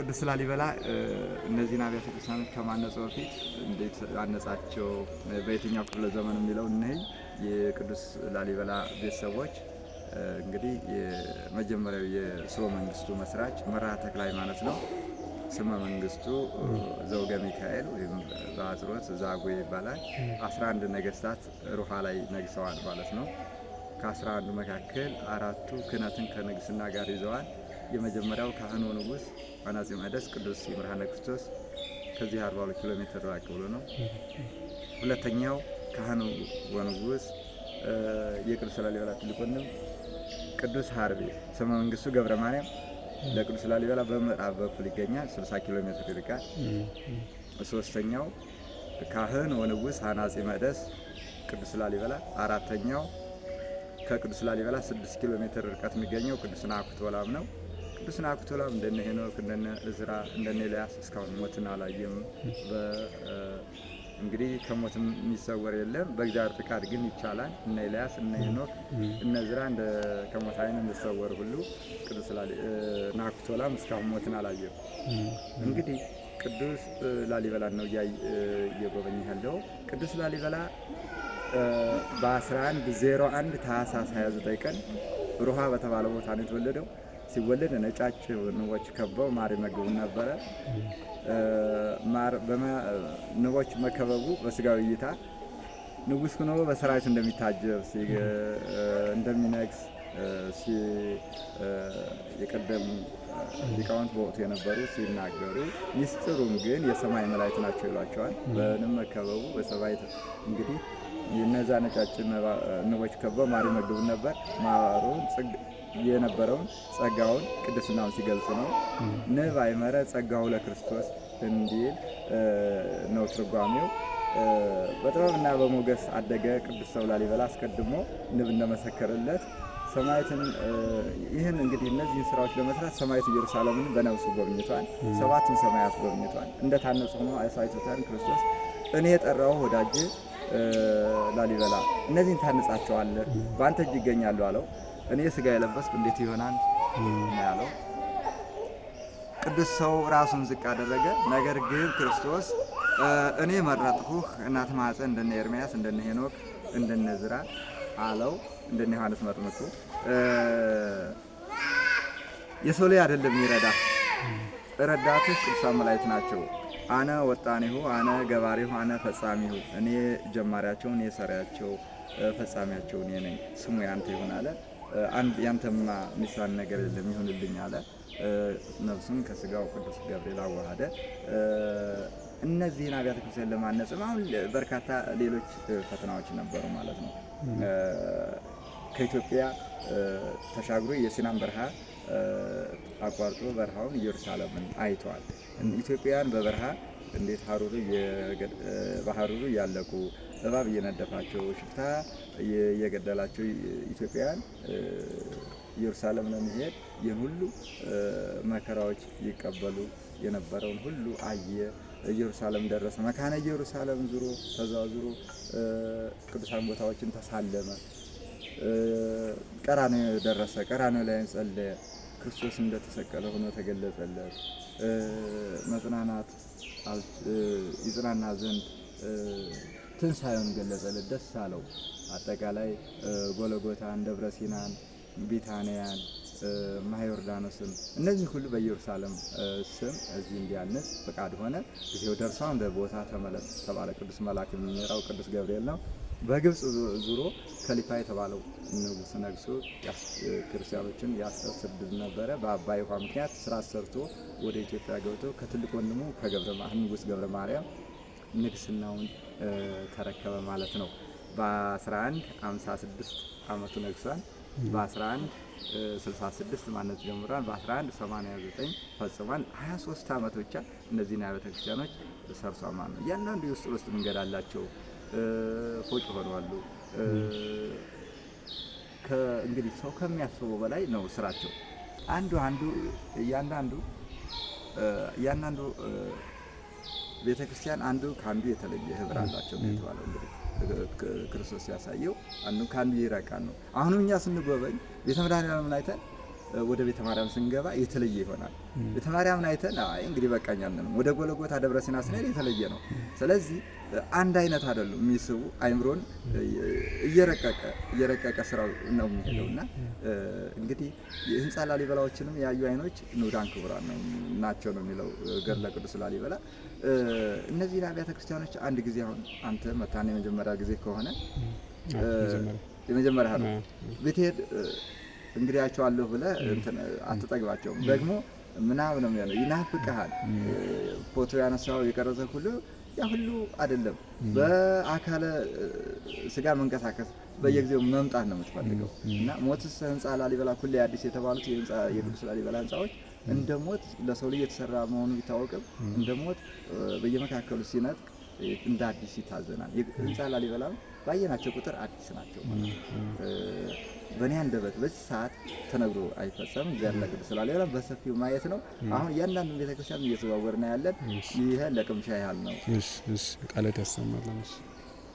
ቅዱስ ላሊበላ እነዚህን አብያተ ክርስቲያኖች ከማነጹ በፊት እንዴት አነጻቸው፣ በየትኛው ክፍለ ዘመን የሚለው እንይ። የቅዱስ ላሊበላ ቤተሰቦች እንግዲህ የመጀመሪያው የስርወ መንግስቱ መስራች መርሃ ተክለ ሃይማኖት ነው። ስመ መንግስቱ ዘውገ ሚካኤል ወይም በአጽሮት ዛጉ ይባላል። 11 ነገስታት ሩሃ ላይ ነግሰዋል ማለት ነው። 11 መካከል አራቱ ክህነትን ከንግስና ጋር ይዘዋል። የመጀመሪያው ካህኑ ንጉስ አናጺ መቅደስ ቅዱስ ይምርሃነ ክርስቶስ ከዚህ 42 ኪሎ ሜትር ራቅ ብሎ ነው። ሁለተኛው ካህኑ ወንጉስ የቅዱስ ላሊበላ ትልቅ ወንድም ቅዱስ ሀርቤ ስመ መንግስቱ ገብረ ማርያም ለቅዱስ ላሊበላ በምዕራብ በኩል ይገኛል፣ 60 ኪሎ ሜትር ይርቃል። ሶስተኛው ካህን ወንጉስ አናጺ መቅደስ ቅዱስ ላሊበላ። አራተኛው ከቅዱስ ላሊበላ 6 ኪሎ ሜትር ርቀት የሚገኘው ቅዱስ ናኩቶ ወላም ነው። ቅዱስን አክቶላም እንደነ ሄኖክ እንደነ እዝራ እንደነ ኤልያስ እስካሁን ሞትን አላየም። እንግዲህ ከሞትም የሚሰወር የለም። በእግዚአብሔር ፍቃድ ግን ይቻላል። እነ ኤልያስ እነ ሄኖክ እነ እዝራ ከሞት አይን እንደሰወር ሁሉ ቅዱስ ናኩቶላም እስካሁን ሞትን አላየም። እንግዲህ ቅዱስ ላሊበላ ነው እያ እየጎበኘ ያለው ቅዱስ ላሊበላ በ1101 ታህሳስ 29 ቀን ሩሃ በተባለ ቦታ ነው የተወለደው። ሲወለድ ነጫጭ ንቦች ከበው ማር ይመግቡ ነበረ። ንቦች መከበቡ በስጋዊ እይታ ንጉስ ሆኖ በሰራዊት እንደሚታጀብ እንደሚነግስ የቀደሙ ሊቃውንት በወቅቱ የነበሩ ሲናገሩ ሚስጥሩም ግን የሰማይ መላእክት ናቸው ይሏቸዋል። በንብ መከበቡ በሰማይ እንግዲህ እነዛ ነጫጭ ንቦች ከበው ማር ይመግቡ ነበር። ማሩን የነበረውን ጸጋውን ቅድስናውን ሲገልጽ ነው። ንብ አይመረ ጸጋው ለክርስቶስ እንዲል ነው ትርጓሜው። በጥበብና በሞገስ አደገ ቅዱስ ሰው ላሊበላ አስቀድሞ ንብ እንደመሰከረለት ሰማያትን ይህን እንግዲህ እነዚህን ስራዎች ለመስራት ሰማያት ኢየሩሳሌምን በነብሱ ጎብኝቷል። ሰባቱን ሰማያት ጎብኝቷል። እንደታነጹ ሆኖ አይሳይቶታን ክርስቶስ እኔ የጠራው ወዳጄ ላሊበላ እነዚህን ታነጻቸዋለህ፣ በአንተ እጅ ይገኛሉ አለው። እኔ ስጋ የለበስኩ እንዴት ይሆናል ያለው ቅዱስ ሰው ራሱን ዝቅ አደረገ። ነገር ግን ክርስቶስ እኔ መረጥኩህ እናት ማጸ እንደነ ኤርሚያስ እንደነ ሄኖክ እንደነ ዝራ አለው እንደነ ዮሐንስ መጥምቁ የሰው ላይ አይደለም ይረዳ ረዳትህ ቅዱሳን መላእክት ናቸው። አነ ወጣኔሁ አነ ገባሬሁ አነ ፈጻሚሁ፣ እኔ ጀማሪያቸው፣ እኔ ሰሪያቸው፣ ፈጻሚያቸው እኔ ነኝ። ስሙ ያንተ ይሁን አለ። ያንተማ ሚሳን ነገር የለም ይሁንልኝ አለ። ነፍሱን ከስጋው ቅዱስ ገብርኤል አዋሃደ። እነዚህን አብያተ ክርስቲያን ለማነጽም አሁን በርካታ ሌሎች ፈተናዎች ነበሩ ማለት ነው። ከኢትዮጵያ ተሻግሮ የሲናን በረሃ አቋርጦ በረሃውን ኢየሩሳሌምን አይተዋል። ኢትዮጵያውያን በበረሃ እንዴት ሀሩሩ በሀሩሩ እያለቁ እባብ እየነደፋቸው ሽፍታ እየገደላቸው ኢትዮጵያውያን ኢየሩሳሌም ለመሄድ ይህን ሁሉ መከራዎች ይቀበሉ የነበረውን ሁሉ አየ። ኢየሩሳሌም ደረሰ። መካነ ኢየሩሳሌም ዙሮ ተዛዙሮ ቅዱሳን ቦታዎችን ተሳለመ። ቀራንዮ ደረሰ። ቀራንዮ ላይ ጸለየ። ክርስቶስ እንደተሰቀለ ሆኖ ተገለጸለት። መጽናናት ይጽናና ዘንድ ትንሣኤውን ገለጸለት። ደስ አለው። አጠቃላይ ጎለጎታን፣ ደብረ ሲናን፣ ቢታንያን፣ ማየ ዮርዳኖስን እነዚህ ሁሉ በኢየሩሳሌም ስም እዚህ እንዲያንጽ ፈቃድ ሆነ። ጊዜው እንደ ቦታ ተመለስ ተባለ። ቅዱስ መልአክ የሚመራው ቅዱስ ገብርኤል ነው። በግብፅ ዙሮ ከሊፋ የተባለው ንጉስ ነግሶ ክርስቲያኖችን ያስጠሰብዝ ነበረ። በአባይ ውሃ ምክንያት ስራ ሰርቶ ወደ ኢትዮጵያ ገብቶ ከትልቅ ወንድሙ ንጉስ ገብረ ማርያም ንግስናውን ተረከበ ማለት ነው። በ1156 ዓመቱ ነግሷል። በ1166 ማነት ጀምሯል። በ1189 ፈጽሟል። 23 ዓመት ብቻ እነዚህን አብያተ ሰርሷ ማለት ነው። እያንዳንዱ የውስጥ ለውስጥ መንገድ አላቸው። ፎቅ ይሆናሉ። እንግዲህ ሰው ከሚያስበው በላይ ነው ስራቸው። አንዱ አንዱ እያንዳንዱ እያንዳንዱ ቤተ ክርስቲያን አንዱ ከአንዱ የተለየ ህብር አላቸው የተባለው። እንግዲህ ክርስቶስ ሲያሳየው አንዱ ከአንዱ ይረቃ ነው። አሁንም እኛ ስንጎበኝ ቤተ መድኃኔዓለምን አይተን ወደ ቤተ ማርያም ስንገባ የተለየ ይሆናል። ቤተ ማርያምን አይተን አይ እንግዲህ በቃኛ ወደ ጎለጎታ ደብረ ሲና ስንሄድ የተለየ ነው። ስለዚህ አንድ አይነት አይደሉም የሚስቡ አይምሮን እየረቀቀ እየረቀቀ ስራው ነው የሚሄደው እና እንግዲህ የህንፃ ላሊበላዎችንም ያዩ አይኖች ንዑዳን ክቡራን ነው ናቸው ነው የሚለው ገድለ ቅዱስ ላሊበላ። እነዚህን አብያተ ክርስቲያኖች አንድ ጊዜ አሁን አንተ መታን የመጀመሪያ ጊዜ ከሆነ የመጀመሪያ ነው ብትሄድ እንግዲያቸዋለሁ ብለህ አትጠግባቸውም። ደግሞ ምናምን ነው የሚሆነው፣ ይናፍቅሃል። ፎቶ ያነሳው የቀረጸ ሁሉ ያ ሁሉ አይደለም። በአካለ ስጋ መንቀሳቀስ በየጊዜው መምጣት ነው የምትፈልገው እና ሞትስ ህንፃ ላሊበላ ኩሌ አዲስ የተባሉት የቅዱስ ላሊበላ ህንፃዎች እንደ ሞት ለሰው ልጅ የተሰራ መሆኑ ቢታወቅም እንደ ሞት በየመካከሉ ሲነጥቅ እንደ አዲስ ይታዘናል። ህንፃ ላሊበላ ባየናቸው ቁጥር አዲስ ናቸው ማለት ነው። በእኔ አንደበት በዚህ ሰዓት ተነግሮ አይፈጸም። እግዚአብሔር ቅዱስ ስላለ በሰፊው ማየት ነው። አሁን እያንዳንዱ ቤተክርስቲያን እየተዘዋወርና ያለን ይህ ለቅምሻ ያህል ነው። ቃለት ያሰማል።